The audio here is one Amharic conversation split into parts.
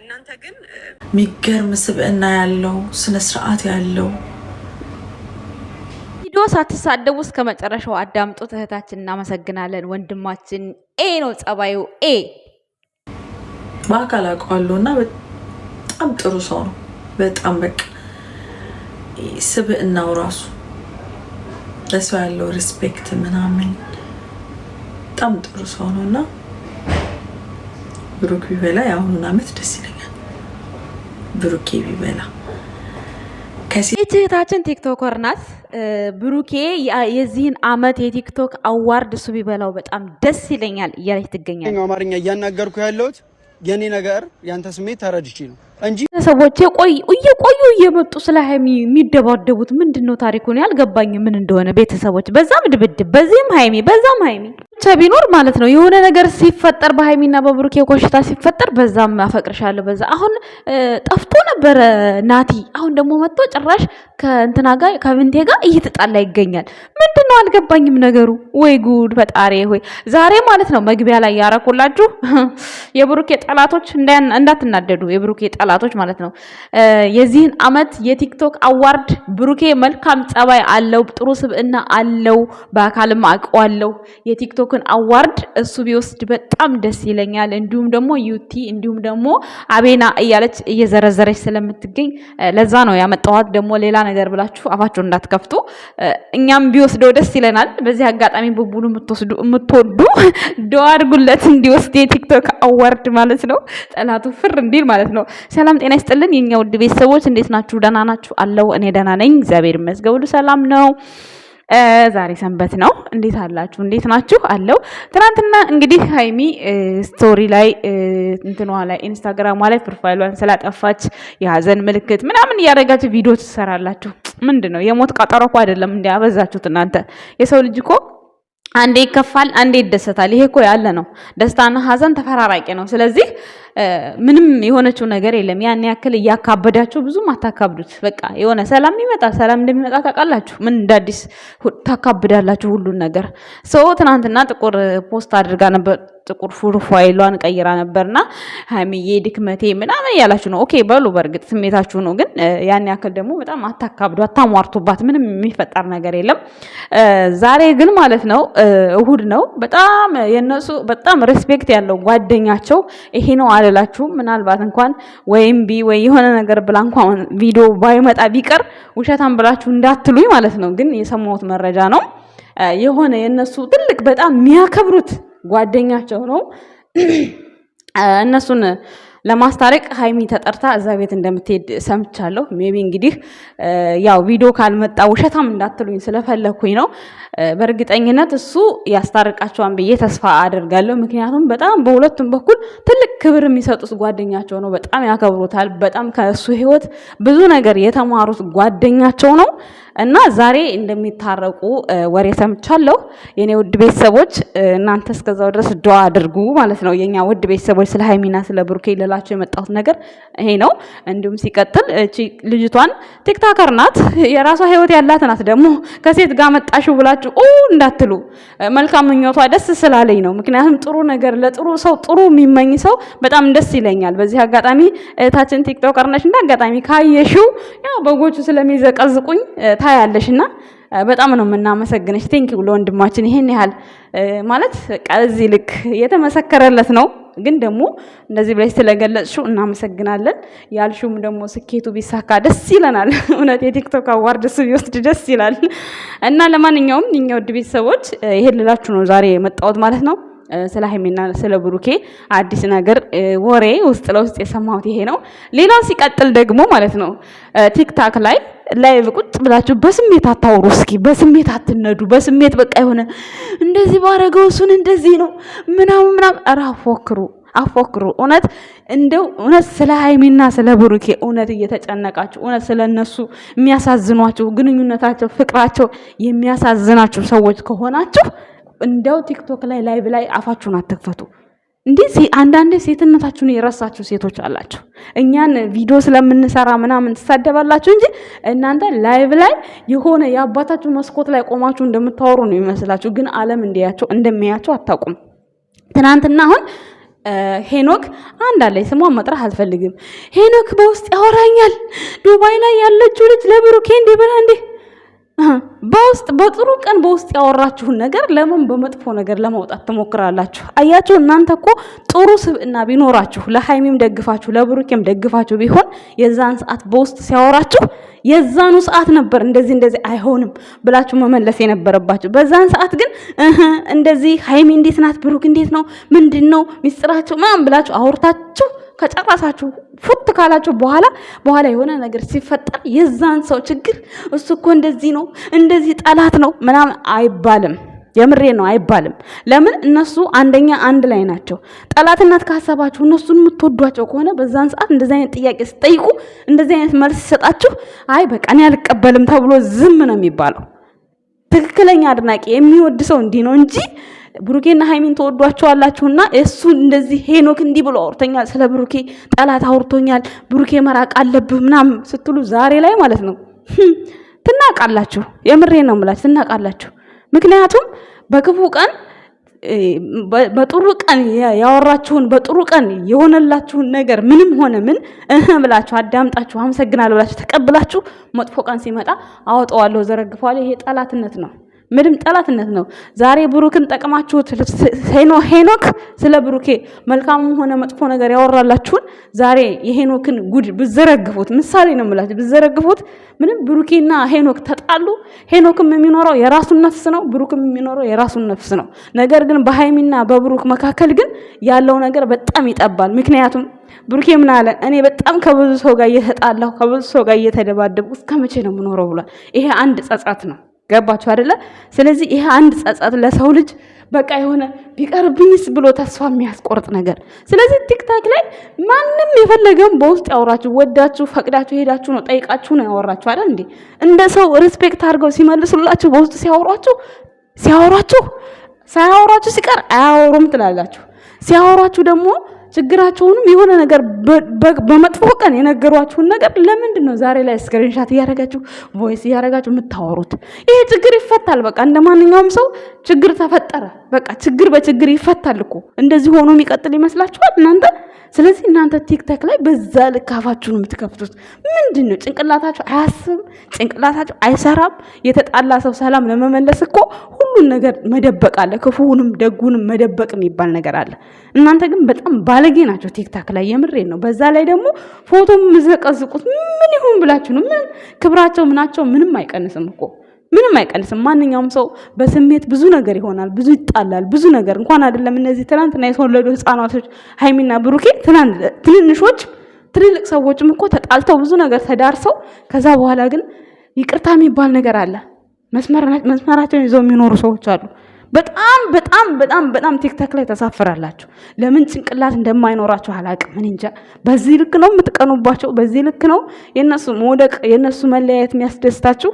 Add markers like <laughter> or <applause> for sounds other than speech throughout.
እናንተ ግን የሚገርም ስብዕና ያለው ስነ ስርዓት ያለው ቪዲዮ ሳትሳደቡ እስከ መጨረሻው አዳምጦ እህታችን እናመሰግናለን። ወንድማችን ኤ ነው ጸባዩ። ኤ በአካል አውቀዋለሁ እና በጣም ጥሩ ሰው ነው። በጣም በቃ ስብዕናው ራሱ ለሰው ያለው ሪስፔክት ምናምን በጣም ጥሩ ሰው ነው እና ብሩክ ቢበላ የአሁኑን አመት ደስ ይለኛል። ብሩኬ ቢበላ ይህች እህታችን ቲክቶከር ናት። ብሩኬ የዚህን አመት የቲክቶክ አዋርድ እሱ ቢበላው በጣም ደስ ይለኛል እያለች ትገኛል። አማርኛ እያናገርኩ ያለሁት የኔ ነገር ያንተ ስሜት ተረድቼ ነው እንጂ ሰዎች እየቆዩ እየመጡ ስለ ሀይሚ የሚደባደቡት ምንድን ነው ያልገባኝ ምን እንደሆነ ቤተሰቦች፣ በዛም ድብድብ፣ በዚህም ሀይሚ፣ በዛም ሀይሚ ብቻ ቢኖር ማለት ነው የሆነ ነገር ሲፈጠር በሀይሚና በብሩኬ ኮሽታ ሲፈጠር በዛም አፈቅርሻለሁ በዛ አሁን ጠፍቶ ነበረ ናቲ። አሁን ደግሞ መጥቶ ጭራሽ ከእንትና ጋር ከብንቴ ጋር እየተጣላ ይገኛል። ምንድን ነው አልገባኝም ነገሩ። ወይ ጉድ ፈጣሪ ሆይ! ዛሬ ማለት ነው መግቢያ ላይ ያረኩላችሁ <laughs> የብሩኬ ጠላቶች እንዳትናደዱ፣ የብሩኬ ጠላቶች ማለት ነው። የዚህን አመት የቲክቶክ አዋርድ ብሩኬ መልካም ጸባይ አለው፣ ጥሩ ስብዕና አለው፣ በአካልም አውቀዋለሁ። የቲክቶክን አዋርድ እሱ ቢወስድ በጣም ደስ ይለኛል። እንዲሁም ደግሞ ዩቲ እንዲሁም ደግሞ አቤና እያለች እየዘረዘረች ስለምትገኝ ለዛ ነው ያመጣኋት። ደግሞ ሌላ ነገር ብላችሁ አፋችሁን እንዳትከፍቱ እኛም ቢወስ ቢወስደው ደስ ይለናል። በዚህ አጋጣሚ ቡቡሉ የምትወዱ ዶዋ <laughs> አድርጉለት እንዲወስድ የቲክቶክ አዋርድ ማለት ነው፣ ጠላቱ ፍር እንዲል ማለት ነው። ሰላም ጤና ይስጥልን የኛ ውድ ቤተሰቦች እንዴት ናችሁ? ደህና ናችሁ? አለው እኔ ደህና ነኝ፣ እግዚአብሔር ይመስገን፣ ሁሉ ሰላም ነው። ዛሬ ሰንበት ነው። እንዴት አላችሁ? እንዴት ናችሁ? አለው ትናንትና እንግዲህ ሀይሚ ስቶሪ ላይ እንትኗ ላይ ኢንስታግራሟ ላይ ፕሮፋይሏን ስላጠፋች የሀዘን ምልክት ምናምን እያደረጋችሁ ቪዲዮ ትሰራላችሁ ምንድን ነው? የሞት ቀጠሮ እኮ አይደለም። እንዲ ያበዛችሁት እናንተ። የሰው ልጅ እኮ አንዴ ይከፋል፣ አንዴ ይደሰታል። ይሄ እኮ ያለ ነው። ደስታና ሀዘን ተፈራራቂ ነው። ስለዚህ ምንም የሆነችው ነገር የለም። ያን ያክል እያካበዳችሁ ብዙም አታካብዱት። በቃ የሆነ ሰላም ይመጣል። ሰላም እንደሚመጣ ታውቃላችሁ። ምን እንደ አዲስ ታካብዳላችሁ ሁሉን ነገር። ሰው ትናንትና ጥቁር ፖስት አድርጋ ነበር ጥቁር ፕሮፋይሏን ቀይራ ነበርና ሀይሚዬ ድክመቴ ምናምን እያላችሁ ነው። ኦኬ በሉ በእርግጥ ስሜታችሁ ነው፣ ግን ያን ያክል ደግሞ በጣም አታካብዱ፣ አታሟርቱባት። ምንም የሚፈጠር ነገር የለም። ዛሬ ግን ማለት ነው እሁድ ነው። በጣም የነሱ በጣም ሬስፔክት ያለው ጓደኛቸው ይሄ ነው አልላችሁም። ምናልባት እንኳን ወይም ቢ ወይ የሆነ ነገር ብላ እንኳን ቪዲዮ ባይመጣ ቢቀር ውሸታም ብላችሁ እንዳትሉኝ ማለት ነው። ግን የሰማሁት መረጃ ነው የሆነ የነሱ ትልቅ በጣም የሚያከብሩት ጓደኛቸው ነው። <clears throat> እነሱን ለማስታረቅ ሀይሚ ተጠርታ እዛ ቤት እንደምትሄድ ሰምቻለሁ። ሜቢ እንግዲህ ያው ቪዲዮ ካልመጣ ውሸታም እንዳትሉኝ ስለፈለግኩኝ ነው። በእርግጠኝነት እሱ ያስታርቃቸዋን ብዬ ተስፋ አደርጋለሁ። ምክንያቱም በጣም በሁለቱም በኩል ትልቅ ክብር የሚሰጡት ጓደኛቸው ነው። በጣም ያከብሩታል። በጣም ከእሱ ህይወት ብዙ ነገር የተማሩት ጓደኛቸው ነው እና ዛሬ እንደሚታረቁ ወሬ ሰምቻለሁ። የኔ ውድ ቤተሰቦች እናንተ እስከዛው ድረስ ደዋ አድርጉ ማለት ነው። የኛ ውድ ቤተሰቦች ስለ ሀይሚና ስለ ብሩኬ ልላቸው የመጣሁት ነገር ይሄ ነው። እንዲሁም ሲቀጥል ልጅቷን ቲክታከር ናት፣ የራሷ ህይወት ያላት ናት። ደግሞ ከሴት ጋር መጣሽው ብላችሁ አብራችሁ ኡ እንዳትሉ መልካም ምኞቷ ደስ ስላለኝ ነው። ምክንያቱም ጥሩ ነገር ለጥሩ ሰው ጥሩ የሚመኝ ሰው በጣም ደስ ይለኛል። በዚህ አጋጣሚ እህታችን ቲክቶከር ነሽ፣ እንደ አጋጣሚ ካየሽው ያው በጎቹ ስለሚዘቀዝቁኝ እና በጣም ነው የምናመሰግነች ቴንኪው ለወንድማችን ይሄን ያህል ማለት በቃ ልክ የተመሰከረለት ነው። ግን ደግሞ እንደዚህ ብለሽ ስለገለጽሽው እናመሰግናለን። ያልሹም ደግሞ ስኬቱ ቢሳካ ደስ ይለናል። <laughs> እውነት የቲክቶክ አዋርድ ስ ቢወስድ ደስ ይላል እና ለማንኛውም እኛ ውድ ቤተሰቦች ይሄን ልላችሁ ነው ዛሬ የመጣሁት ማለት ነው። ስለ ሀይሜና ስለ ብሩኬ አዲስ ነገር ወሬ ውስጥ ለውስጥ የሰማሁት ይሄ ነው። ሌላው ሲቀጥል ደግሞ ማለት ነው ቲክታክ ላይ ላይቭ ቁጭ ብላችሁ በስሜት አታውሩ፣ እስኪ በስሜት አትነዱ። በስሜት በቃ የሆነ እንደዚህ ባረገው እሱን እንደዚህ ነው ምናምን ምናምን ኧረ አፎክሩ አፎክሩ እውነት እንደው እውነት ስለ ሀይሚና ስለ ብሩኬ እውነት እየተጨነቃችሁ እውነት ስለ እነሱ የሚያሳዝኗችሁ ግንኙነታቸው፣ ፍቅራቸው የሚያሳዝናችሁ ሰዎች ከሆናችሁ እንደው ቲክቶክ ላይ ላይቭ ላይ አፋችሁን አትክፈቱ። እንዲህ አንዳንዴ ሴትነታችሁን የረሳችሁ ሴቶች አላችሁ። እኛን ቪዲዮ ስለምንሰራ ምናምን ትሳደባላችሁ እንጂ እናንተ ላይቭ ላይ የሆነ የአባታችሁ መስኮት ላይ ቆማችሁ እንደምታወሩ ነው የሚመስላችሁ። ግን ዓለም እንዲያቸው እንደሚያቸው አታውቁም። ትናንትና አሁን ሄኖክ አንድ አለ ስሟን መጥራት አልፈልግም። ሄኖክ በውስጥ ያወራኛል። ዱባይ ላይ ያለችው ልጅ ለብሩኬ እንዲህ ብላ በውስጥ በጥሩ ቀን በውስጥ ያወራችሁን ነገር ለምን በመጥፎ ነገር ለማውጣት ትሞክራላችሁ? አያችሁ፣ እናንተ እኮ ጥሩ ስብዕና ቢኖራችሁ ለሃይሚም ደግፋችሁ ለብሩኬም ደግፋችሁ ቢሆን የዛን ሰዓት በውስጥ ሲያወራችሁ የዛኑ ሰዓት ነበር እንደዚህ እንደዚህ አይሆንም ብላችሁ መመለስ የነበረባችሁ። በዛን ሰዓት ግን እንደዚህ ሃይሚ እንዴት ናት፣ ብሩክ እንዴት ነው፣ ምንድን ነው ሚስጥራችሁ ምናምን ብላችሁ አውርታችሁ ከጨረሳችሁ ፉት ካላችሁ በኋላ በኋላ የሆነ ነገር ሲፈጠር የዛን ሰው ችግር እሱ እኮ እንደዚህ ነው እንደዚህ ጠላት ነው ምናምን አይባልም። የምሬ ነው አይባልም። ለምን እነሱ አንደኛ አንድ ላይ ናቸው። ጠላትነት ካሰባችሁ እነሱን የምትወዷቸው ከሆነ በዛን ሰዓት እንደዚህ አይነት ጥያቄ ስጠይቁ እንደዚህ አይነት መልስ ሲሰጣችሁ አይ በቃ እኔ አልቀበልም ተብሎ ዝም ነው የሚባለው። ትክክለኛ አድናቂ የሚወድ ሰው እንዲህ ነው እንጂ ብሩኬና ሀይሚን ተወዷቸዋላችሁና እሱ እንደዚህ ሄኖክ እንዲህ ብሎ አውርቶኛል፣ ስለ ብሩኬ ጠላት አውርቶኛል፣ ብሩኬ መራቅ አለብህ ምናምን ስትሉ ዛሬ ላይ ማለት ነው ትናቃላችሁ። የምሬ ነው የምላችሁ ትናቃላችሁ። ምክንያቱም በክፉ ቀን በጥሩ ቀን ያወራችሁን በጥሩ ቀን የሆነላችሁን ነገር ምንም ሆነ ምን እህ ብላችሁ አዳምጣችሁ አመሰግናለሁ ብላችሁ ተቀብላችሁ መጥፎ ቀን ሲመጣ አወጣዋለሁ፣ ዘረግፈዋለሁ። ይሄ ጠላትነት ነው። ምድም ጠላትነት ነው። ዛሬ ብሩክን ጠቅማችሁት ሄኖክ ስለ ብሩኬ መልካምም ሆነ መጥፎ ነገር ያወራላችሁን ዛሬ የሄኖክን ጉድ ብዘረግፉት፣ ምሳሌ ነው የምላችሁ ብዘረግፉት፣ ምንም ብሩኬና ሄኖክ ተጣሉ። ሄኖክም የሚኖረው የራሱን ነፍስ ነው፣ ብሩክም የሚኖረው የራሱን ነፍስ ነው። ነገር ግን በሃይሚና በብሩክ መካከል ግን ያለው ነገር በጣም ይጠባል። ምክንያቱም ብሩኬ ምን አለ? እኔ በጣም ከብዙ ሰው ጋር እየተጣላሁ ከብዙ ሰው ጋር እየተደባደብኩ እስከ መቼ ነው የምኖረው ብሏል። ይሄ አንድ ጸጸት ነው። ገባችሁ አይደለ? ስለዚህ ይሄ አንድ ጸጸት ለሰው ልጅ በቃ የሆነ ቢቀርብኝስ ብሎ ተስፋ የሚያስቆርጥ ነገር። ስለዚህ ቲክታክ ላይ ማንም የፈለገም በውስጥ ያወራችሁ ወዳችሁ ፈቅዳችሁ ሄዳችሁ ነው ጠይቃችሁ ነው ያወራችሁ አይደል እንዴ? እንደ ሰው ሪስፔክት አድርገው ሲመልሱላችሁ በውስጥ ሲያወሯችሁ ሲያወሯችሁ ሳያወሯችሁ ሲቀር አያወሩም ትላላችሁ። ሲያወሯችሁ ደግሞ ችግራቸውንም የሆነ ነገር በመጥፎ ቀን የነገሯችሁን ነገር ለምንድን ነው ዛሬ ላይ ስክሪንሻት እያደረጋችሁ ቮይስ እያደረጋችሁ የምታወሩት? ይሄ ችግር ይፈታል። በቃ እንደ ማንኛውም ሰው ችግር ተፈጠረ። በቃ ችግር በችግር ይፈታል እኮ እንደዚህ ሆኖ የሚቀጥል ይመስላችኋል እናንተ? ስለዚህ እናንተ ቲክታክ ላይ በዛ ልክ አፋችሁን የምትከፍቱት ምንድን ነው? ጭንቅላታችሁ አያስብም? ጭንቅላታችሁ አይሰራም? የተጣላ ሰው ሰላም ለመመለስ እኮ ሁሉን ነገር መደበቅ አለ። ክፉውንም ደጉንም መደበቅ የሚባል ነገር አለ። እናንተ ግን በጣም ባለጌ ናቸው ቲክታክ ላይ የምሬን ነው። በዛ ላይ ደግሞ ፎቶ የምዘቀዝቁት ምን ይሁን ብላችሁ ነው? ምን ክብራቸው ምናቸው ምንም አይቀንስም እኮ ምንም አይቀንስም። ማንኛውም ሰው በስሜት ብዙ ነገር ይሆናል፣ ብዙ ይጣላል፣ ብዙ ነገር እንኳን አይደለም። እነዚህ ትናንትና የተወለዱ ህፃናቶች ሀይሚና ብሩኬ ትንንሾች ትልልቅ ሰዎችም እኮ ተጣልተው ብዙ ነገር ተዳርሰው ከዛ በኋላ ግን ይቅርታ የሚባል ነገር አለ። መስመራቸውን ይዘው የሚኖሩ ሰዎች አሉ። በጣም በጣም በጣም በጣም ቲክታክ ላይ ተሳፍራላችሁ። ለምን ጭንቅላት እንደማይኖራችሁ አላቅም እንጃ። በዚህ ልክ ነው የምትቀኑባቸው፣ በዚህ ልክ ነው የነሱ መውደቅ የነሱ መለያየት የሚያስደስታችሁ።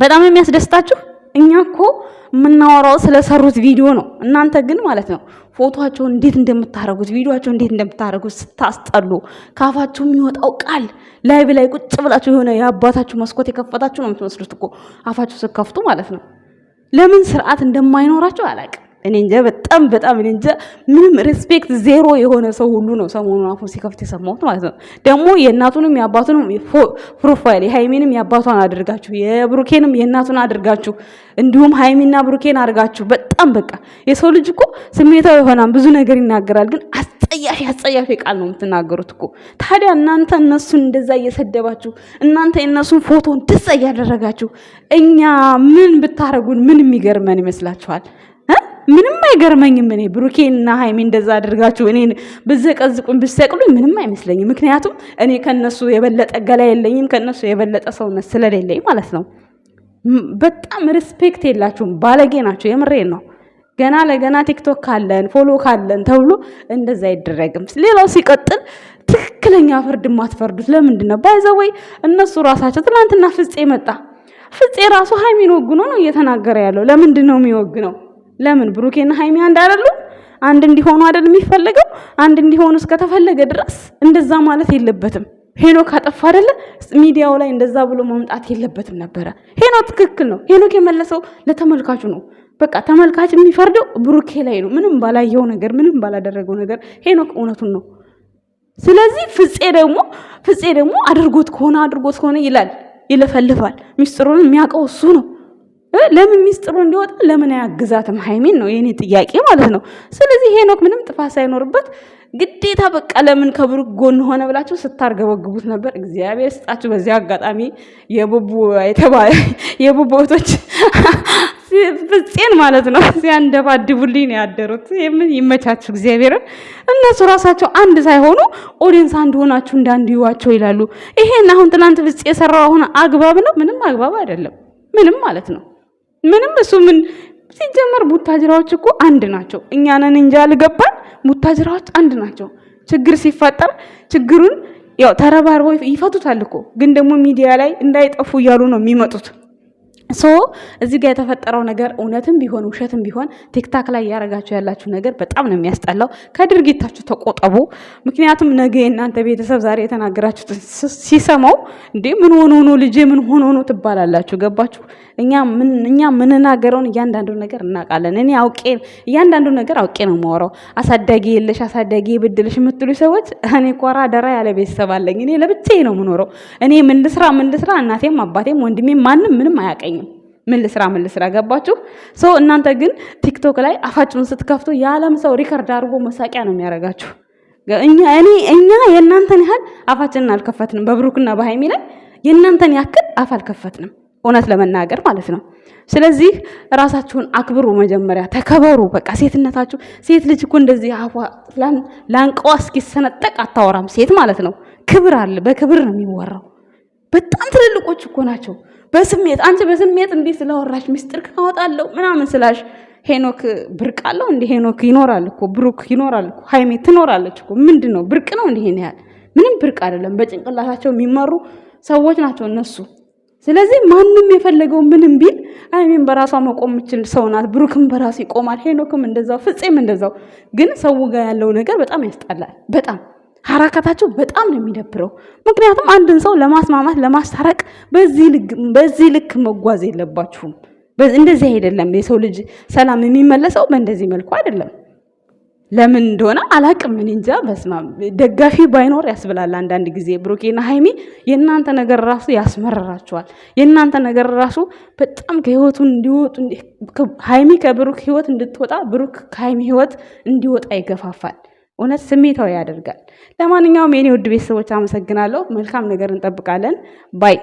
በጣም የሚያስደስታችሁ እኛ እኮ የምናወራው ስለሰሩት ቪዲዮ ነው። እናንተ ግን ማለት ነው ፎቶቸው እንዴት እንደምታደርጉት ቪዲቸው እንዴት እንደምታደረጉት ስታስጠሉ፣ ካፋችሁ የሚወጣው ቃል ላይብ ላይ ቁጭ ብላችሁ የሆነ የአባታችሁ መስኮት የከፈታችሁ ነው የምትመስሉት እኮ አፋችሁ ስከፍቱ ማለት ነው። ለምን ስርዓት እንደማይኖራቸው አላቅ። እኔ እንጃ በጣም በጣም እኔ እንጃ ምንም ሪስፔክት ዜሮ የሆነ ሰው ሁሉ ነው ሰሞኑን አፉን ሲከፍት የሰማሁት ማለት ነው። ደግሞ የእናቱንም የአባቱንም ፕሮፋይል የሃይሜንም የአባቷን አድርጋችሁ የብሩኬንም የእናቱን አድርጋችሁ እንዲሁም ሃይሜና ብሩኬን አድርጋችሁ በጣም በቃ የሰው ልጅ እኮ ስሜታዊ የሆናም ብዙ ነገር ይናገራል። ግን አስጸያፊ አስጸያፊ ቃል ነው የምትናገሩት እኮ። ታዲያ እናንተ እነሱን እንደዛ እየሰደባችሁ እናንተ የእነሱን ፎቶን ትጸ እያደረጋችሁ እኛ ምን ብታረጉን ምን የሚገርመን ይመስላችኋል? ምንም አይገርመኝም። እኔ ብሩኬንና ሀይሚ እንደዛ አድርጋችሁ እኔን ብዘቀዝቁኝ ብሰቅሉኝ ምንም አይመስለኝም። ምክንያቱም እኔ ከነሱ የበለጠ ገላ የለኝም፣ ከነሱ የበለጠ ሰውነት ስለሌለኝ ማለት ነው። በጣም ሪስፔክት የላችሁም፣ ባለጌ ናቸው። የምሬን ነው። ገና ለገና ቲክቶክ ካለን ፎሎ ካለን ተብሎ እንደዛ አይደረግም። ሌላው ሲቀጥል ትክክለኛ ፍርድ የማትፈርዱት ለምንድን ነው? ባይዘወይ እነሱ ራሳቸው ትናንትና ፍፄ መጣ። ፍፄ ራሱ ሀይሚን ወግኖ ነው እየተናገረ ያለው። ለምንድን ነው የሚወግነው? ለምን ብሩኬና ሃይሚ አንድ አይደሉም? አንድ እንዲሆኑ አይደል የሚፈለገው? አንድ እንዲሆኑ እስከተፈለገ ድረስ እንደዛ ማለት የለበትም። ሄኖክ አጠፋ አይደለ? ሚዲያው ላይ እንደዛ ብሎ መምጣት የለበትም ነበረ። ሄኖክ ትክክል ነው። ሄኖክ የመለሰው ለተመልካቹ ነው። በቃ ተመልካች የሚፈርደው ብሩኬ ላይ ነው። ምንም ባላየው ነገር፣ ምንም ባላደረገው ነገር ሄኖክ እውነቱን ነው። ስለዚህ ፍፄ ደግሞ ፍፄ ደግሞ አድርጎት ከሆነ አድርጎት ከሆነ ይላል፣ ይለፈልፋል። ሚስጥሩን የሚያውቀው እሱ ነው። ለምን ሚስጥሩ እንዲወጣ ለምን አያግዛትም ሀይሚን ነው የኔ ጥያቄ ማለት ነው። ስለዚህ ሄኖክ ምንም ጥፋት ሳይኖርበት ግዴታ በቃ ለምን ከብሩክ ጎን ሆነ ብላችሁ ስታርገበግቡት ነበር። እግዚአብሔር ስጣችሁ። በዚያ አጋጣሚ የቡቡ የተባለ <laughs> የቡቡ ወቶች <laughs> ፍጼን ማለት ነው ሲያንደባድቡልኝ ያደሩት። የምን ይመቻችሁ እግዚአብሔርን። እነሱ ራሳቸው አንድ ሳይሆኑ ኦዲንስ አንድ ሆናችሁ እንዳንድ ይዋቸው ይላሉ። ይሄን አሁን ትናንት ፍጼ የሰራው አሁን አግባብ ነው? ምንም አግባብ አይደለም። ምንም ማለት ነው። ምንም እሱ ምን ሲጀመር ቡታጅራዎች እኮ አንድ ናቸው። እኛንን እንጂ አልገባን። ቡታጅራዎች አንድ ናቸው። ችግር ሲፈጠር ችግሩን ያው ተረባርበው ይፈቱታል እኮ ግን ደግሞ ሚዲያ ላይ እንዳይጠፉ እያሉ ነው የሚመጡት። ሶ እዚህ ጋር የተፈጠረው ነገር እውነትም ቢሆን ውሸትም ቢሆን ቲክታክ ላይ እያደረጋችሁ ያላችሁ ነገር በጣም ነው የሚያስጠላው። ከድርጊታችሁ ተቆጠቡ። ምክንያቱም ነገ የእናንተ ቤተሰብ ዛሬ የተናገራችሁት ሲሰማው እንዴ ምን ሆኖ ነው ልጄ ምን ሆኖ ነው ትባላላችሁ። ገባችሁ? እኛ ምንናገረውን እያንዳንዱ ነገር እናውቃለን። እኔ አውቄ እያንዳንዱ ነገር አውቄ ነው የማወራው። አሳዳጊ የለሽ አሳዳጊ የብድልሽ የምትሉ ሰዎች እኔ ኮራ ደራ ያለ ቤተሰብ አለኝ። እኔ ለብቻዬ ነው የምኖረው። እኔ ምን ልስራ ምን ልስራ እናቴም አባቴም ወንድሜም ማንም ምንም አያውቀኝም። ምን ልስራ ምን ልስራ ገባችሁ? ሶ እናንተ ግን ቲክቶክ ላይ አፋችሁን ስትከፍቱ የዓለም ሰው ሪከርድ አድርጎ መሳቂያ ነው የሚያደርጋችሁ። እኛ እኔ እኛ የእናንተን ያህል አፋችንን አልከፈትንም። በብሩክና በሃይሚ ላይ የእናንተን ያክል አፍ አልከፈትንም፣ እውነት ለመናገር ማለት ነው። ስለዚህ ራሳችሁን አክብሩ፣ መጀመሪያ ተከበሩ። በቃ ሴትነታችሁ። ሴት ልጅ እኮ እንደዚህ ላንቀዋ እስኪሰነጠቅ አታወራም፣ ሴት ማለት ነው። ክብር አለ፣ በክብር ነው የሚወራው። በጣም ትልልቆች እኮ ናቸው። በስሜት አንቺ በስሜት እንዲህ ስለወራሽ ሚስጥር ካወጣለሁ ምናምን ስላሽ ሄኖክ ብርቅ አለው እንደ ሄኖክ ይኖራል እኮ ብሩክ ይኖራል እኮ ሃይሜ ትኖራለች እኮ ምንድን ነው ብርቅ ነው? እንዲህ ያህል ምንም ብርቅ አይደለም። በጭንቅላታቸው የሚመሩ ሰዎች ናቸው እነሱ። ስለዚህ ማንም የፈለገው ምንም ቢል ሀይሜን በራሷ መቆም የምችል ሰው ናት። ብሩክም በራሱ ይቆማል። ሄኖክም እንደዛው፣ ፍፄም እንደዛው። ግን ሰው ጋር ያለው ነገር በጣም ያስጣላል በጣም ሀራካታቸው በጣም ነው የሚደብረው። ምክንያቱም አንድን ሰው ለማስማማት ለማስታረቅ በዚህ ልክ መጓዝ የለባችሁም። እንደዚህ አይደለም። የሰው ልጅ ሰላም የሚመለሰው በእንደዚህ መልኩ አይደለም። ለምን እንደሆነ አላቅም። ምን እንጃ። በስማ ደጋፊ ባይኖር ያስብላል አንዳንድ ጊዜ። ብሩኬና ሀይሚ የእናንተ ነገር ራሱ ያስመረራቸዋል። የእናንተ ነገር ራሱ በጣም ከህይወቱ እንዲወጡ ሀይሚ ከብሩክ ህይወት እንድትወጣ፣ ብሩክ ከሀይሚ ህይወት እንዲወጣ ይገፋፋል። እውነት ስሜታዊ ያደርጋል። ለማንኛውም የኔ ውድ ቤተሰቦች አመሰግናለሁ። መልካም ነገር እንጠብቃለን ባይ